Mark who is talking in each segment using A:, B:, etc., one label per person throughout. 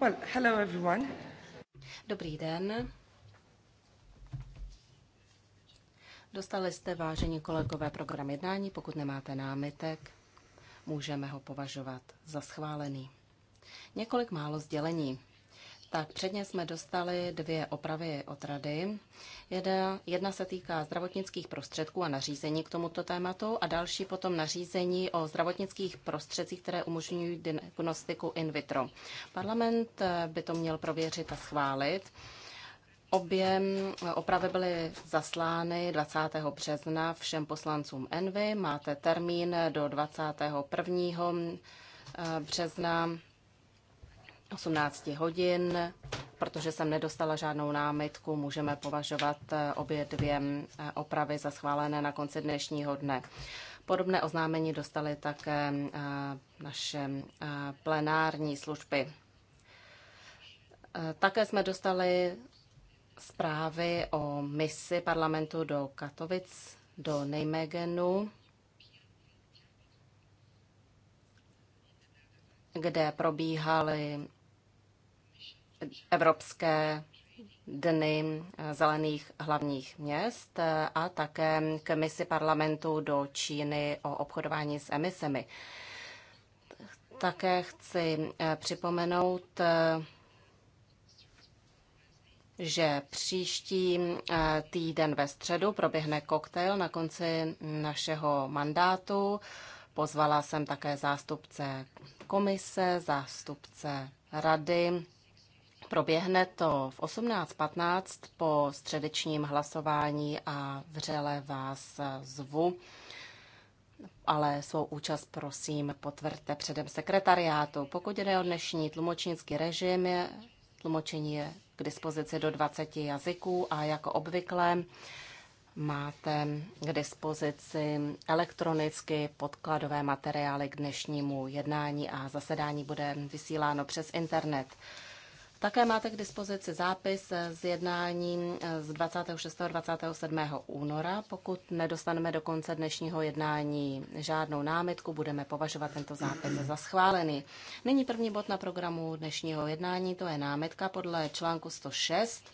A: Well, hello everyone. Dobrý den. Dostali jste, vážení kolegové, program jednání. Pokud nemáte námitek, můžeme ho považovat za schválený. Několik málo sdělení tak předně jsme dostali dvě opravy od rady. Jedna, jedna se týká zdravotnických prostředků a nařízení k tomuto tématu a další potom nařízení o zdravotnických prostředcích, které umožňují diagnostiku in vitro. Parlament eh, by to měl prověřit a schválit. Obě opravy byly zaslány 20. března všem poslancům Envy. Máte termín do 21. Eh, března 18 hodin. Protože jsem nedostala žádnou námitku, můžeme považovat eh, obě dvě eh, opravy za schválené na konci dnešního dne. Podobné oznámení dostaly také eh, naše plenární služby. Také jsme dostali zprávy o misi parlamentu do Katovic, do Nijmegenu, kde probíhaly Evropské dny eh, zelených hlavních měst eh, a také k misi parlamentu do Číny o obchodování s emisemi. Také chci eh, připomenout, že příští týden ve středu proběhne koktejl na konci našeho mandátu. Pozvala jsem také zástupce komise, zástupce rady Proběhne to v 18.15 po středečním hlasování a vřele vás zvu. Ale svou účast prosím potvrďte předem sekretariátu. Pokud jde o dnešní tlumočnický režim, tlumočení je k dispozici do 20 jazyků a jako obvykle máte k dispozici elektronicky podkladové materiály k dnešnímu jednání a zasedání bude vysíláno přes internet. Také máte k dispozici zápis z jednání eh, z 26. a 27. února. Pokud nedostaneme do konce dnešního jednání žádnou námitku, budeme považovat tento zápis za schválený. Nyní první bod na programu dnešního jednání, to je námitka podle článku 106.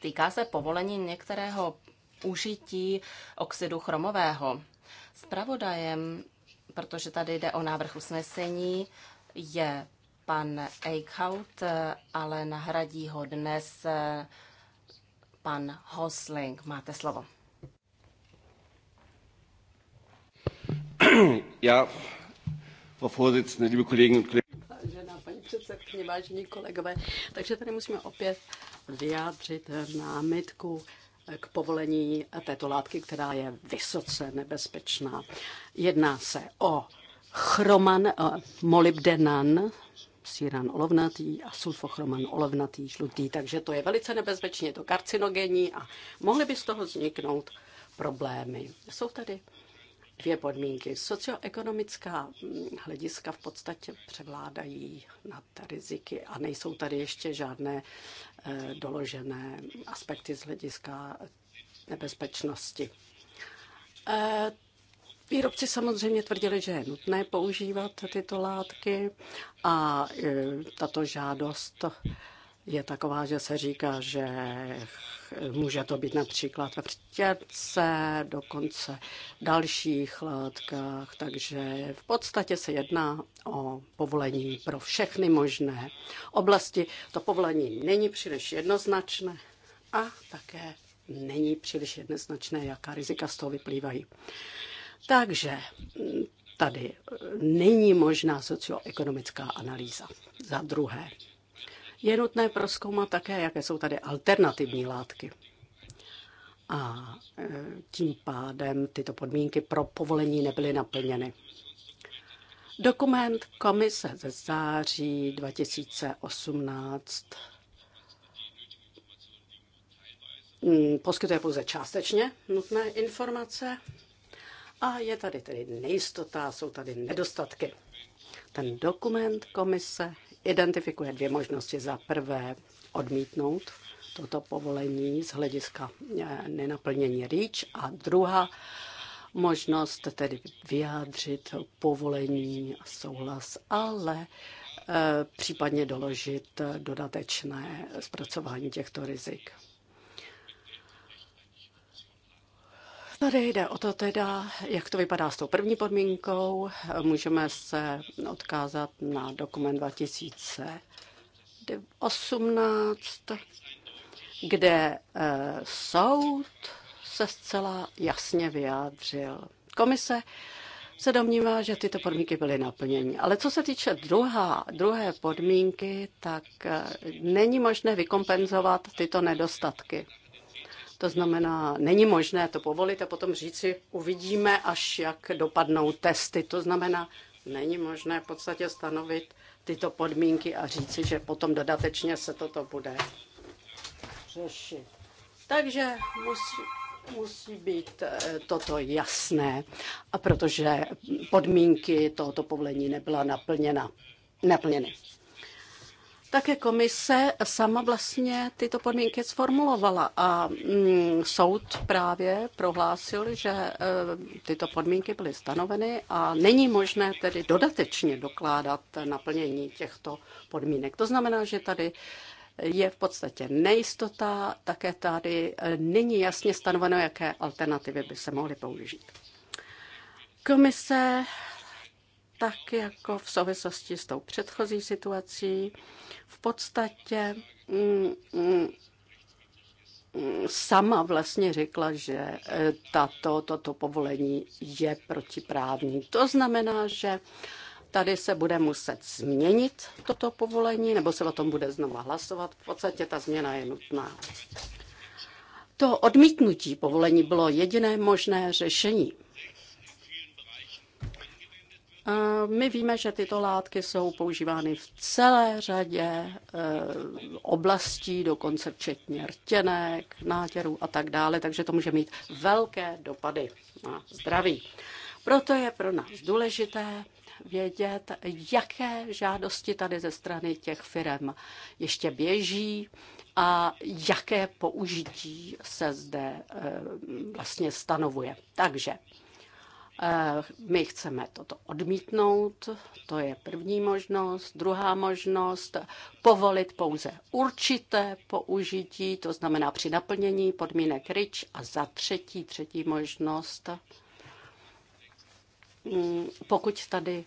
A: Týká se povolení některého užití oxidu chromového. Spravodajem, protože tady jde o návrh usnesení, je pan Eichhout, eh, ale nahradí ho dnes eh, pan Hosling. Máte slovo.
B: Já, Frau Vorsitzende, liebe Kolleginnen und Kollegen. Vážená paní předsedkyně, vážení kolegové, takže tady musíme opět vyjádřit námitku k povolení této látky, která je vysoce nebezpečná. Jedná se o chroman eh, molybdenan, síran olovnatý a sulfochroman olovnatý žlutý, takže to je velice nebezpečné, je to karcinogenní a mohly by z toho vzniknout problémy. Jsou tady dvě podmínky. Socioekonomická mm, hlediska v podstatě převládají nad riziky a nejsou tady ještě žádné eh, doložené aspekty z hlediska nebezpečnosti. Eh, Výrobci samozřejmě tvrdili, že je nutné používat tyto látky a e, tato žádost je taková, že se říká, že může to být například ve do dokonce dalších látkách, takže v podstatě se jedná o povolení pro všechny možné oblasti. To povolení není příliš jednoznačné a také není příliš jednoznačné, jaká rizika z toho vyplývají. Takže mm, tady není možná socioekonomická analýza. Za druhé, je nutné proskoumat také, jaké jsou tady alternativní látky. A e, tím pádem tyto podmínky pro povolení nebyly naplněny. Dokument komise ze září 2018 mm, poskytuje pouze částečně nutné informace a je tady tedy nejistota, jsou tady nedostatky. Ten dokument komise identifikuje dvě možnosti. Za prvé odmítnout toto povolení z hlediska eh, nenaplnění REACH a druhá možnost tedy vyjádřit povolení a souhlas, ale eh, případně doložit dodatečné zpracování těchto rizik. Tady no, jde o to teda, jak to vypadá s tou první podmínkou. Můžeme se odkázat na dokument 2018, kde eh, soud se zcela jasně vyjádřil. Komise se domnívá, že tyto podmínky byly naplněny. Ale co se týče druhá, druhé podmínky, tak eh, není možné vykompenzovat tyto nedostatky. To znamená, není možné to povolit a potom říci, uvidíme, až jak dopadnou testy. To znamená, není možné v podstatě stanovit tyto podmínky a říci, že potom dodatečně se toto bude řešit. Takže musí, musí být eh, toto jasné, a protože podmínky tohoto povolení nebyla naplněna, naplněny. Také komise sama vlastně tyto podmínky sformulovala a mm, soud právě prohlásil, že e, tyto podmínky byly stanoveny a není možné tedy dodatečně dokládat naplnění těchto podmínek. To znamená, že tady je v podstatě nejistota, také tady e, není jasně stanoveno, jaké alternativy by se mohly použít. Komise tak jako v souvislosti s tou předchozí situací. V podstatě mm, mm, sama vlastně řekla, že e, tato, toto povolení je protiprávní. To znamená, že tady se bude muset změnit toto povolení, nebo se o tom bude znova hlasovat. V podstatě ta změna je nutná. To odmítnutí povolení bylo jediné možné řešení. My víme, že tyto látky jsou používány v celé řadě e, oblastí, dokonce včetně rtěnek, nátěrů a tak dále, takže to může mít velké dopady na zdraví. Proto je pro nás důležité vědět, jaké žádosti tady ze strany těch firm ještě běží a jaké použití se zde e, vlastně stanovuje. Takže Eh, my chceme toto odmítnout, to je první možnost. Druhá možnost, povolit pouze určité použití, to znamená při naplnění podmínek RIČ. A za třetí, třetí možnost, mm, pokud tady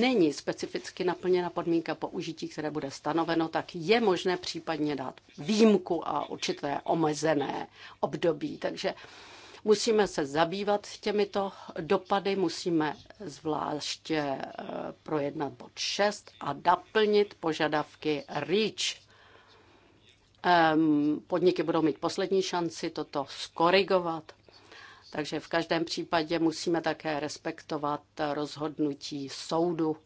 B: není specificky naplněna podmínka použití, které bude stanoveno, tak je možné případně dát výjimku a určité omezené období. Takže Musíme se zabývat těmito dopady, musíme zvláště eh, projednat bod 6 a doplnit požadavky REACH. Ehm, podniky budou mít poslední šanci toto skorigovat. Takže v každém případě musíme také respektovat eh, rozhodnutí soudu.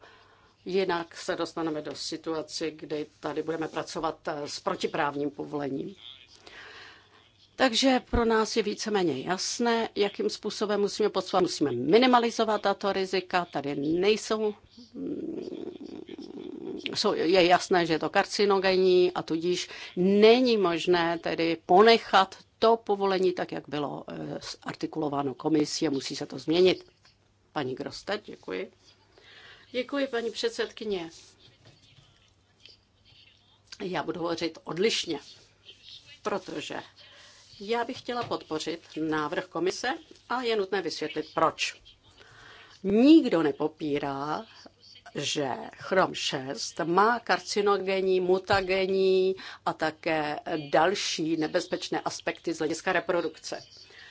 B: Jinak se dostaneme do situace, kdy tady budeme pracovat eh, s protiprávním povolením. Takže pro nás je víceméně jasné, jakým způsobem musíme postupovat. Musíme minimalizovat tato rizika, tady nejsou, mm, jsou, je jasné, že je to karcinogenní a tudíž není možné tedy ponechat to povolení tak, jak bylo eh, artikulováno komisí a musí se to změnit. Paní Grostet, děkuji. Děkuji, paní předsedkyně. Já budu hovořit odlišně, protože já bych chtěla podpořit návrh komise a je nutné vysvětlit, proč. Nikdo nepopírá, že chrom 6 má karcinogenní, mutagenní a také další nebezpečné aspekty z hlediska reprodukce.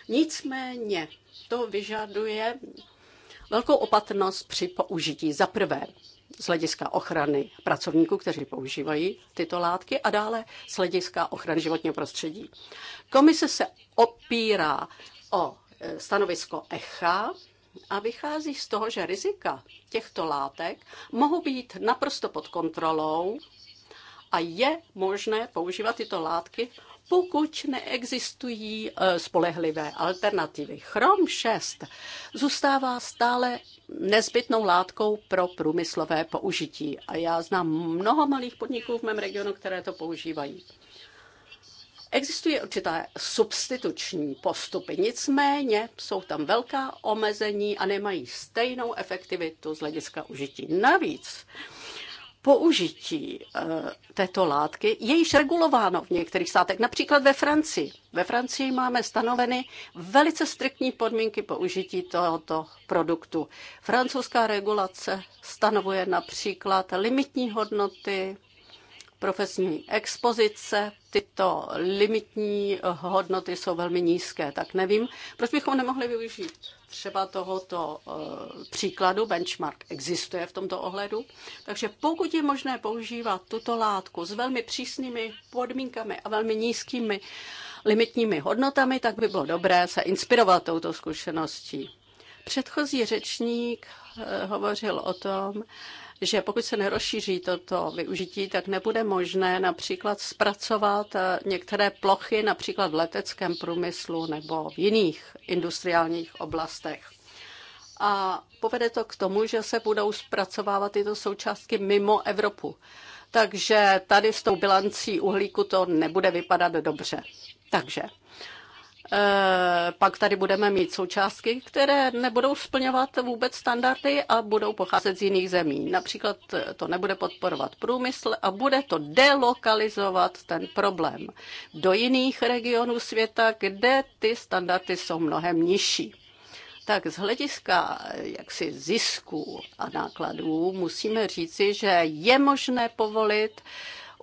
B: Nicméně to vyžaduje velkou opatrnost při použití. Za prvé, z hlediska ochrany pracovníků, kteří používají tyto látky a dále z hlediska ochrany životního prostředí. Komise se opírá o e, stanovisko ECHA a vychází z toho, že rizika těchto látek mohou být naprosto pod kontrolou a je možné používat tyto látky pokud neexistují eh, spolehlivé alternativy. Chrom 6 zůstává stále nezbytnou látkou pro průmyslové použití a já znám mnoho malých podniků v mém regionu, které to používají. Existuje určité substituční postupy, nicméně jsou tam velká omezení a nemají stejnou efektivitu z hlediska užití. Navíc použití eh, této látky je již regulováno v některých státech, například ve Francii. Ve Francii máme stanoveny velice striktní podmínky použití tohoto produktu. Francouzská regulace stanovuje například limitní hodnoty profesní expozice. Tyto limitní hodnoty jsou velmi nízké, tak nevím, proč bychom nemohli využít třeba tohoto eh, příkladu. Benchmark existuje v tomto ohledu. Takže pokud je možné používat tuto látku s velmi přísnými podmínkami a velmi nízkými limitními hodnotami, tak by bylo dobré se inspirovat touto zkušeností. Předchozí řečník eh, hovořil o tom, že pokud se nerozšíří toto využití, tak nebude možné například zpracovat eh, některé plochy, například v leteckém průmyslu nebo v jiných industriálních oblastech. A povede to k tomu, že se budou zpracovávat tyto součástky mimo Evropu. Takže tady s tou bilancí uhlíku to nebude vypadat dobře. Takže Eh, pak tady budeme mít součástky, které nebudou splňovat vůbec standardy a budou pocházet z jiných zemí. Například eh, to nebude podporovat průmysl a bude to delokalizovat ten problém do jiných regionů světa, kde ty standardy jsou mnohem nižší tak z hlediska eh, jaksi zisku a nákladů musíme říci, že je možné povolit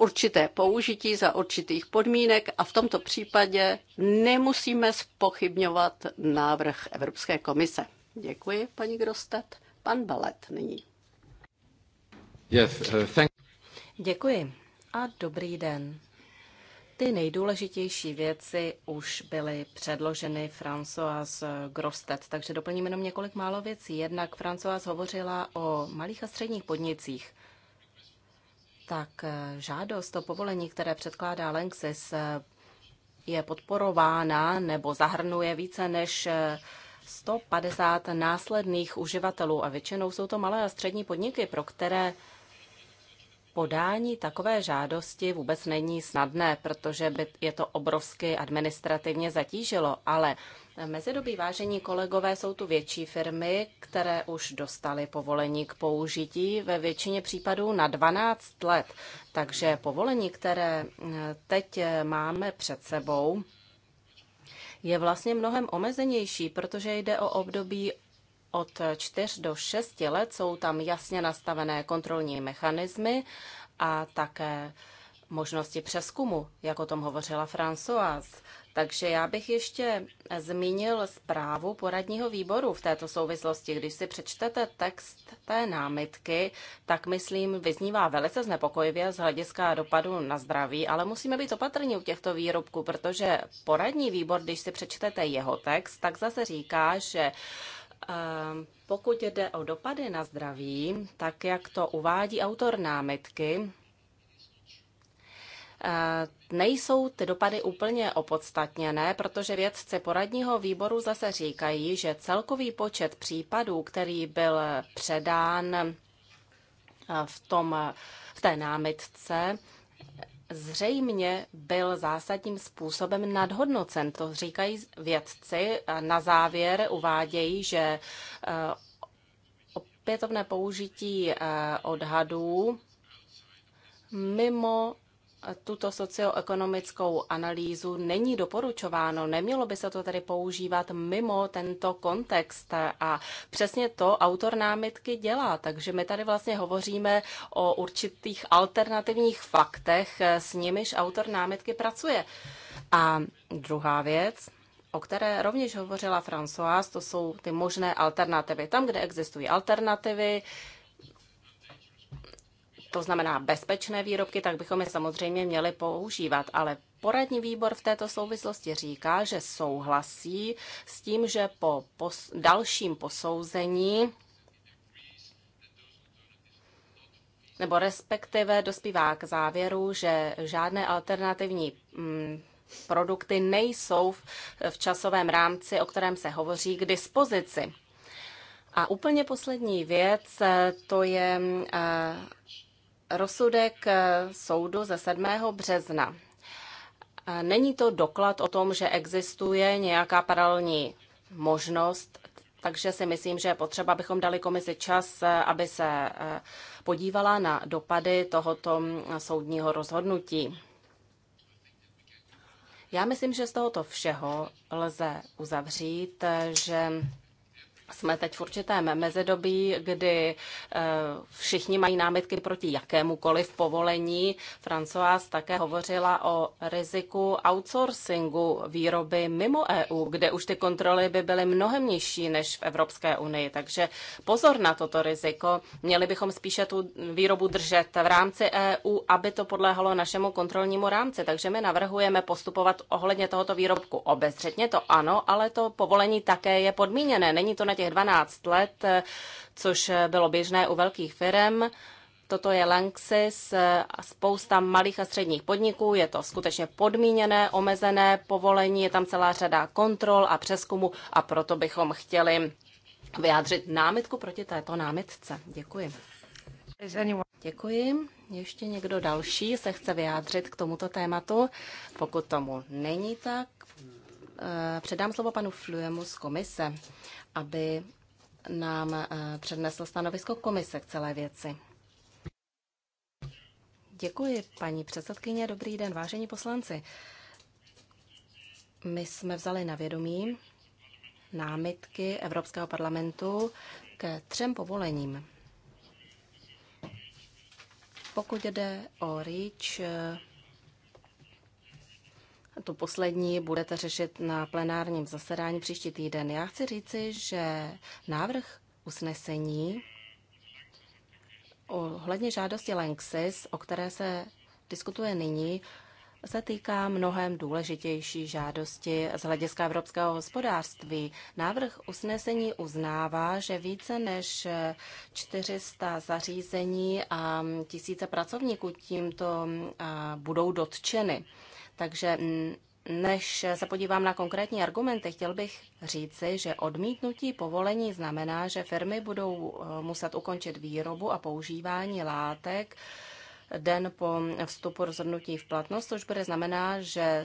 B: určité použití za určitých podmínek a v tomto případě nemusíme spochybňovat návrh Evropské komise. Děkuji, paní Grostet. Pan Balet nyní.
A: Yes, uh, thank- Děkuji a dobrý den. Ty nejdůležitější věci už byly předloženy François Grostet, takže doplním jenom několik málo věcí. Jednak François hovořila o malých a středních podnicích tak eh, žádost o povolení, které předkládá Lenxis, eh, je podporována nebo zahrnuje více než 150 eh, následných uživatelů a většinou jsou to malé a střední podniky, pro které Podání takové žádosti vůbec není snadné, protože by je to obrovsky administrativně zatížilo, ale mezidobí vážení kolegové jsou tu větší firmy, které už dostaly povolení k použití ve většině případů na 12 let. Takže povolení, které eh, teď eh, máme před sebou, je vlastně mnohem omezenější, protože jde o období od 4 do 6 let jsou tam jasně nastavené kontrolní mechanismy a také možnosti přeskumu, jak o tom hovořila Françoise. Takže já bych ještě zmínil zprávu poradního výboru v této souvislosti. Když si přečtete text té námitky, tak myslím, vyznívá velice znepokojivě z hlediska dopadu na zdraví, ale musíme být opatrní u těchto výrobků, protože poradní výbor, když si přečtete jeho text, tak zase říká, že Ehm, pokud jde o dopady na zdraví, tak jak to uvádí autor námitky, ehm, nejsou ty dopady úplně opodstatněné, protože vědci poradního výboru zase říkají, že celkový počet případů, který byl předán ehm, v, tom, v té námitce, zřejmě byl zásadním způsobem nadhodnocen. To říkají vědci. Na závěr uvádějí, že eh, opětovné použití eh, odhadů mimo tuto socioekonomickou analýzu není doporučováno. Nemělo by se to tedy používat mimo tento kontext a přesně to autor námitky dělá. Takže my tady vlastně hovoříme o určitých alternativních faktech, s nimiž autor námitky pracuje. A druhá věc, o které rovněž hovořila Françoise, to jsou ty možné alternativy. Tam, kde existují alternativy, to znamená bezpečné výrobky, tak bychom je samozřejmě měli používat, ale Poradní výbor v této souvislosti říká, že souhlasí s tím, že po pos- dalším posouzení nebo respektive dospívá k závěru, že žádné alternativní mm, produkty nejsou v, v časovém rámci, o kterém se hovoří, k dispozici. A úplně poslední věc, eh, to je eh, rozsudek eh, soudu ze 7. března. Eh, není to doklad o tom, že existuje nějaká paralelní možnost, takže si myslím, že je potřeba, abychom dali komisi čas, eh, aby se podívala na dopady tohoto mm, soudního rozhodnutí. Já myslím, že z tohoto všeho lze uzavřít, že jsme teď v určitém mezidobí, kdy eh, všichni mají námitky proti jakémukoliv povolení. Francois také hovořila o riziku outsourcingu výroby mimo EU, kde už ty kontroly by byly mnohem nižší než v Evropské unii. Takže pozor na toto riziko. Měli bychom spíše tu výrobu držet v rámci EU, aby to podléhalo našemu kontrolnímu rámci. Takže my navrhujeme postupovat ohledně tohoto výrobku obezřetně, to ano, ale to povolení také je podmíněné. Není to na těch 12 let, eh, což eh, bylo běžné u velkých firm. Toto je Lanxis, eh, spousta malých a středních podniků, je to skutečně podmíněné, omezené povolení, je tam celá řada kontrol a přeskumu a proto bychom chtěli vyjádřit námitku proti této námitce. Děkuji. Děkuji. Ještě někdo další se chce vyjádřit k tomuto tématu? Pokud tomu není tak, předám slovo panu Fluemu z komise aby nám eh, přednesl stanovisko komise k celé věci. Děkuji, paní předsedkyně. Dobrý den, vážení poslanci. My jsme vzali na vědomí námitky Evropského parlamentu ke třem povolením. Pokud jde o REACH, tu poslední budete řešit na plenárním zasedání příští týden. Já chci říci, že návrh usnesení ohledně žádosti Lenxis, o které se diskutuje nyní, se týká mnohem důležitější žádosti z hlediska evropského hospodářství. Návrh usnesení uznává, že více než 400 zařízení a tisíce pracovníků tímto budou dotčeny. Takže mm, než se podívám na konkrétní argumenty, chtěl bych říci, že odmítnutí povolení znamená, že firmy budou eh, muset ukončit výrobu a používání látek den po vstupu rozhodnutí v platnost, což bude znamená, že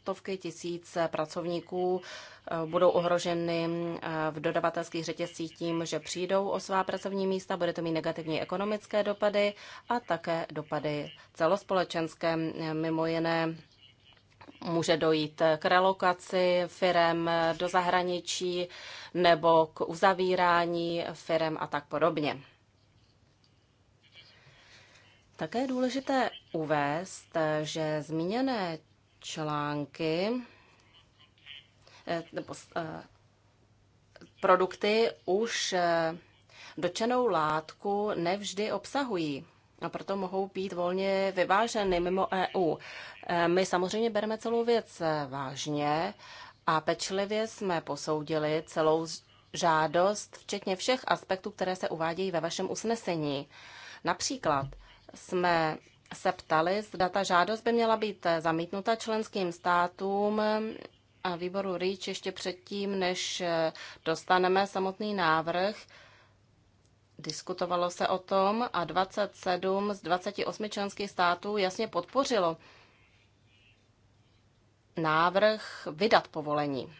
A: stovky tisíc pracovníků eh, budou ohroženy eh, v dodavatelských řetězcích tím, že přijdou o svá pracovní místa, bude to mít negativní ekonomické dopady a také dopady celospolečenské, mimo jiné Může dojít k relokaci firem do zahraničí nebo k uzavírání firem a tak podobně. Také je důležité uvést, že zmíněné články eh, nebo eh, produkty už eh, dočenou látku nevždy obsahují a proto mohou být volně vyváženy mimo EU. E, my samozřejmě bereme celou věc e, vážně a pečlivě jsme posoudili celou žádost, včetně všech aspektů, které se uvádějí ve vašem usnesení. Například jsme se ptali, zda ta žádost by měla být e, zamítnuta členským státům a výboru REACH ještě předtím, než dostaneme samotný návrh Diskutovalo se o tom a 27 z 28 členských států jasně podpořilo návrh vydat povolení.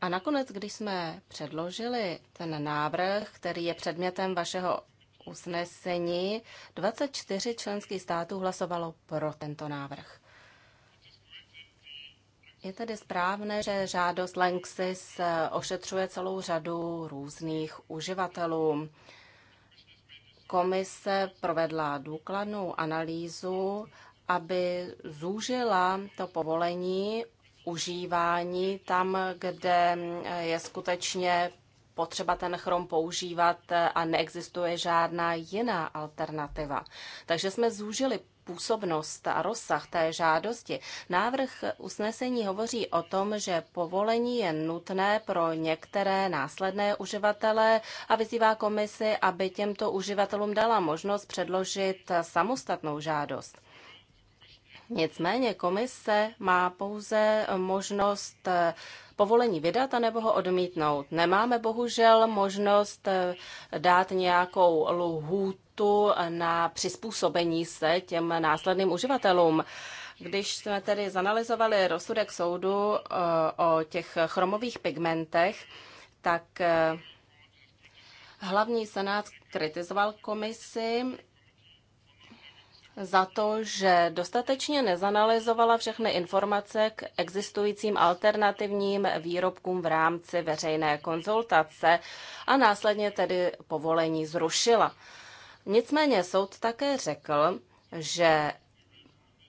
A: A nakonec, když jsme předložili ten návrh, který je předmětem vašeho usnesení, 24 členských států hlasovalo pro tento návrh. Je tedy správné, že žádost Lenxis eh, ošetřuje celou řadu různých uživatelů. Komise provedla důkladnou analýzu, aby zúžila to povolení užívání tam, kde eh, je skutečně potřeba ten chrom používat eh, a neexistuje žádná jiná alternativa. Takže jsme zúžili působnost a rozsah té žádosti. Návrh usnesení hovoří o tom, že povolení je nutné pro některé následné uživatele a vyzývá komisi, aby těmto uživatelům dala možnost předložit samostatnou žádost. Nicméně komise má pouze možnost eh, povolení vydat anebo ho odmítnout. Nemáme bohužel možnost eh, dát nějakou lhůtu eh, na přizpůsobení se těm následným uživatelům. Když jsme tedy zanalizovali rozsudek soudu o těch chromových pigmentech, tak hlavní senát kritizoval komisi za to, že dostatečně nezanalizovala všechny informace k existujícím alternativním výrobkům v rámci veřejné konzultace a následně tedy povolení zrušila. Nicméně soud také řekl, že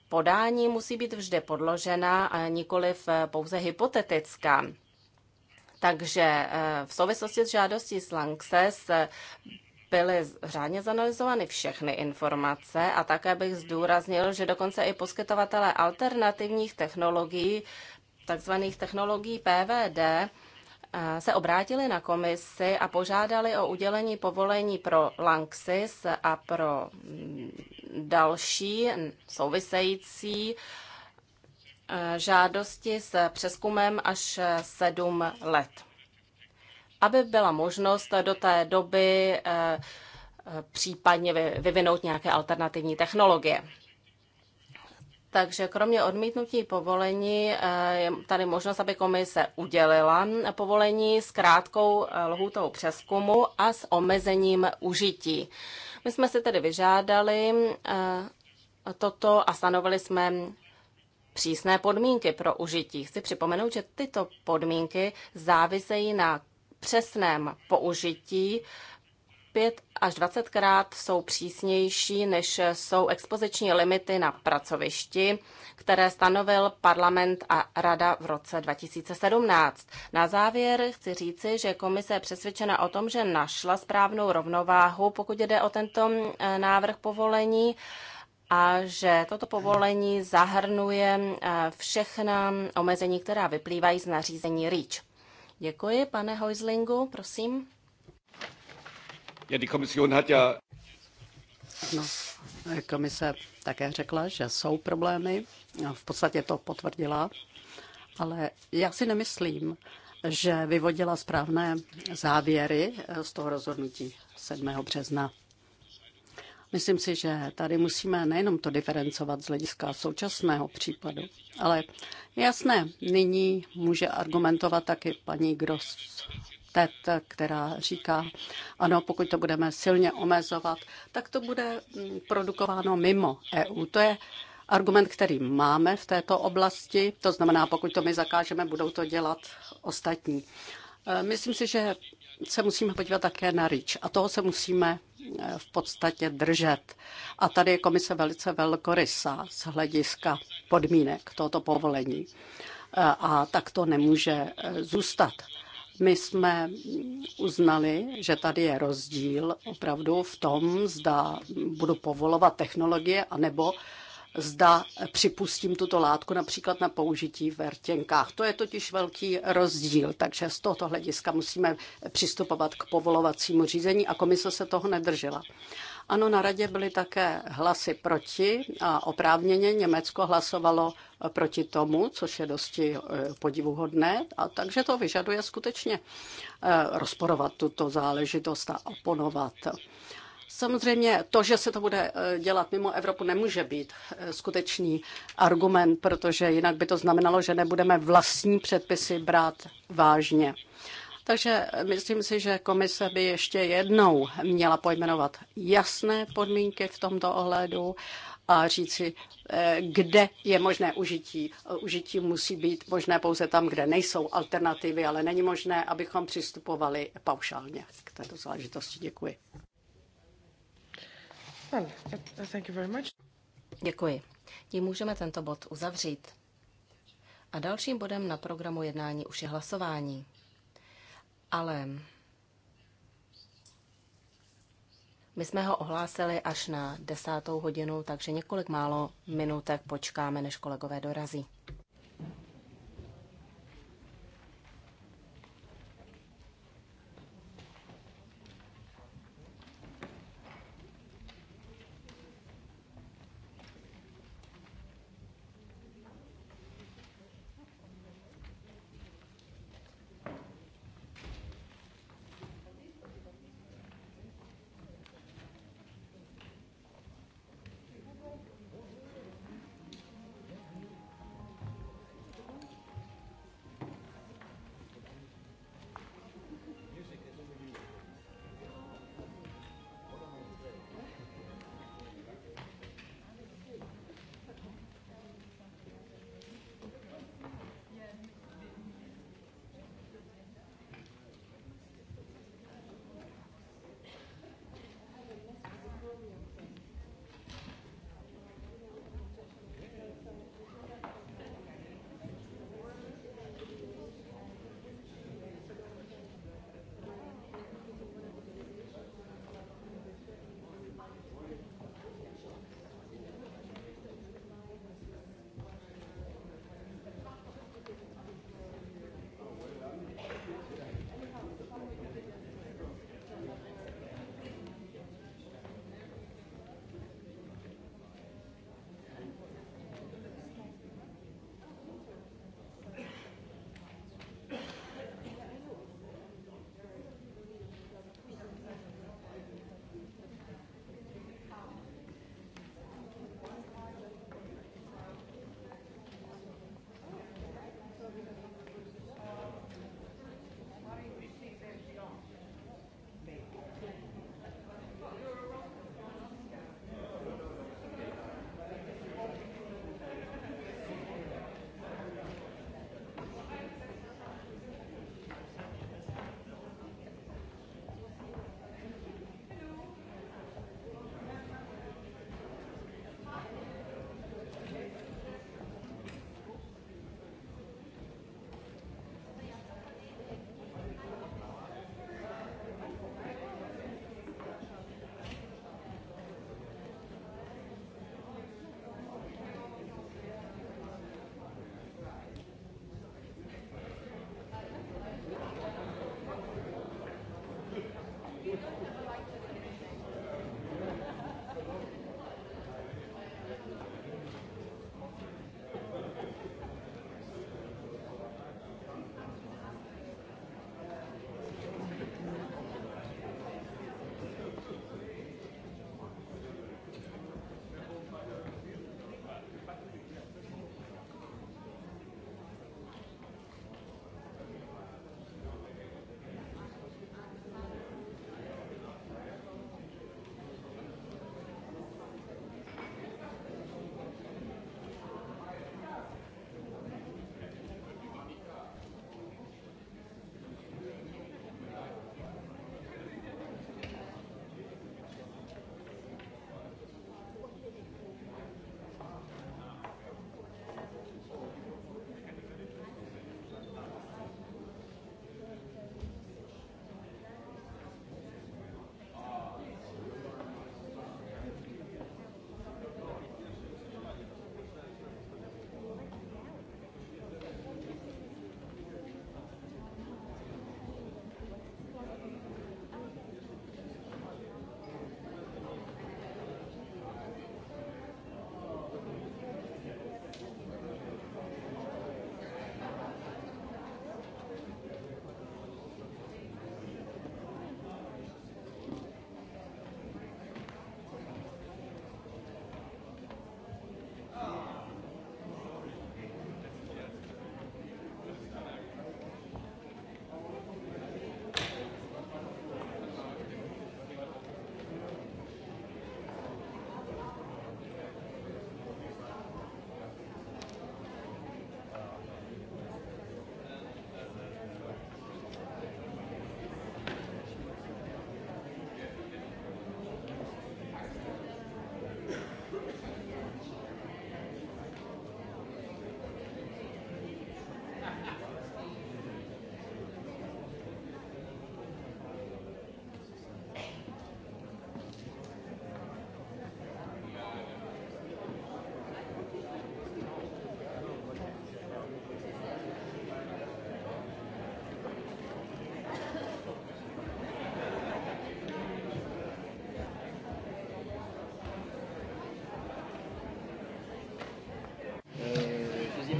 A: podání musí být vždy podložená a nikoliv eh, pouze hypotetická. Takže eh, v souvislosti s žádostí Slankses byly řádně zanalizovány všechny informace a také bych zdůraznil, že dokonce i poskytovatelé alternativních technologií, takzvaných technologií PVD, eh, se obrátili na komisi a požádali o udělení povolení pro Lanxis a pro mm, další související eh, žádosti s přeskumem až sedm let aby byla možnost do té doby eh, eh, případně vyvinout nějaké alternativní technologie. Takže kromě odmítnutí povolení eh, je tady možnost, aby komise udělila povolení s krátkou lhůtou přeskumu a s omezením užití. My jsme si tedy vyžádali toto a stanovili jsme přísné podmínky pro užití. Chci připomenout, že tyto podmínky závisejí na přesném použití 5 až 20 krát jsou přísnější, než jsou expoziční limity na pracovišti, které stanovil parlament a rada v roce 2017. Na závěr chci říci, že komise je přesvědčena o tom, že našla správnou rovnováhu, pokud jde o tento mm, eh, návrh povolení a že toto povolení zahrnuje eh, všechna omezení, která vyplývají z nařízení REACH. Děkuji, pane Heuslingu, prosím.
B: Ja, die Kommission hat ja... No, komise také řekla, že jsou problémy, v podstatě to potvrdila, ale já si nemyslím, že vyvodila správné závěry z toho rozhodnutí 7. března. Myslím si, že tady musíme nejenom to diferencovat z hlediska současného případu, ale jasné, nyní může argumentovat taky paní Gross Tet, která říká, ano, pokud to budeme silně omezovat, tak to bude mm, produkováno mimo EU. To je argument, který máme v této oblasti, to znamená, pokud to my zakážeme, budou to dělat ostatní. E, myslím si, že se musíme podívat také na REACH a toho se musíme Eh, v podstatě držet. A tady je komise velice velkorysá z hlediska podmínek tohoto povolení. Eh, a tak to nemůže eh, zůstat. My jsme uznali, že tady je rozdíl opravdu v tom, zda budu povolovat technologie, anebo zda připustím tuto látku například na použití v rtěnkách. To je totiž velký rozdíl, takže z tohoto hlediska musíme přistupovat k povolovacímu řízení a komise se toho nedržela. Ano, na radě byly také hlasy proti a oprávněně Německo hlasovalo proti tomu, což je dosti eh, podivuhodné, a takže to vyžaduje skutečně eh, rozporovat tuto záležitost a oponovat. Samozřejmě to, že se to bude eh, dělat mimo Evropu, nemůže být eh, skutečný argument, protože jinak by to znamenalo, že nebudeme vlastní předpisy brát vážně. Takže eh, myslím si, že komise by ještě jednou měla pojmenovat jasné podmínky v tomto ohledu a říci, kde je možné užití. Užití musí být možné pouze tam, kde nejsou alternativy, ale není možné, abychom přistupovali paušálně k této záležitosti. Děkuji.
A: Well, thank you very much. Děkuji. Tím můžeme tento bod uzavřít. A dalším bodem na programu jednání už je hlasování. Ale my jsme ho ohlásili až na desátou hodinu, takže několik málo minutek počkáme, než kolegové dorazí.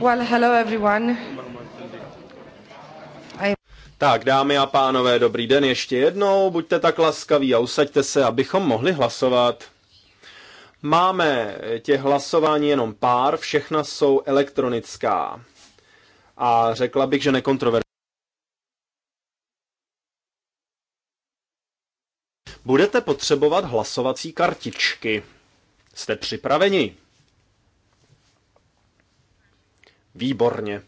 C: Well,
B: hello everyone.
C: Tak, dámy a pánové, dobrý den ještě jednou. Buďte tak laskaví a usaďte se, abychom mohli hlasovat. Máme těch hlasování jenom pár, všechna jsou elektronická. A řekla bych, že nekontroverzní. Budete potřebovat hlasovací kartičky. Jste připraveni? Výborně.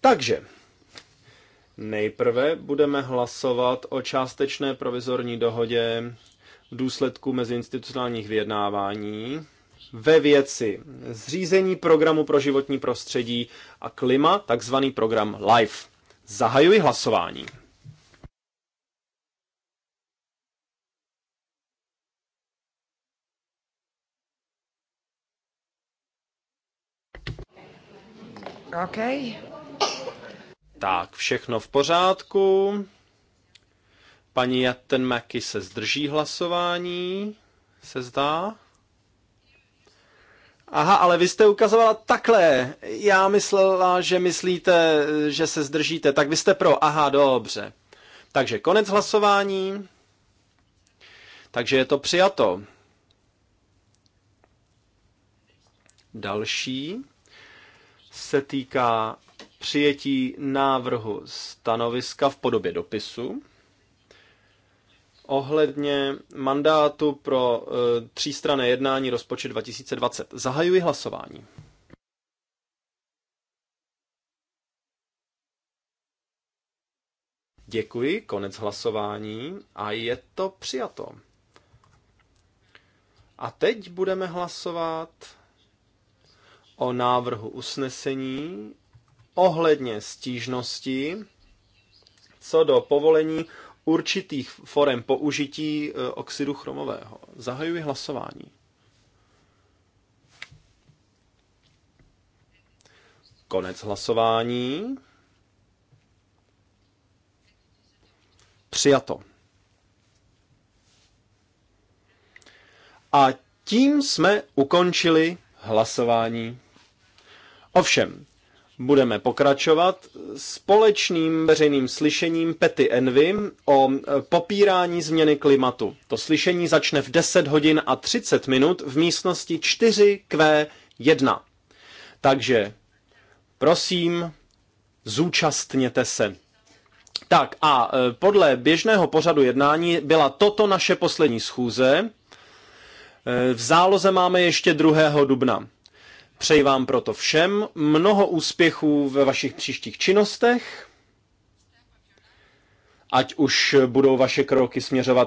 C: Takže nejprve budeme hlasovat o částečné provizorní dohodě v důsledku meziinstitucionálních vyjednávání ve věci zřízení programu pro životní prostředí a klima, takzvaný program LIFE. Zahajuji hlasování. Okay. Tak, všechno v pořádku. Paní Jattenmaky se zdrží hlasování, se zdá. Aha, ale vy jste ukazovala takhle. Já myslela, že myslíte, že se zdržíte. Tak vy jste pro. Aha, dobře. Takže konec hlasování. Takže je to přijato. Další se týká přijetí návrhu stanoviska v podobě dopisu ohledně mandátu pro e, třístrané jednání rozpočet 2020. Zahajuji hlasování. Děkuji, konec hlasování a je to přijato. A teď budeme hlasovat o návrhu usnesení ohledně stížnosti co do povolení určitých forem použití e, oxidu chromového. Zahajuji hlasování. Konec hlasování. Přijato. A tím jsme ukončili hlasování. Ovšem, budeme pokračovat společným veřejným slyšením Pety Envy o popírání změny klimatu. To slyšení začne v 10 hodin a 30 minut v místnosti 4Q1. Takže prosím, zúčastněte se. Tak a e, podle běžného pořadu jednání byla toto naše poslední schůze. E, v záloze máme ještě 2. dubna. Přeji vám proto všem mnoho úspěchů ve vašich příštích činnostech, ať už budou vaše kroky směřovat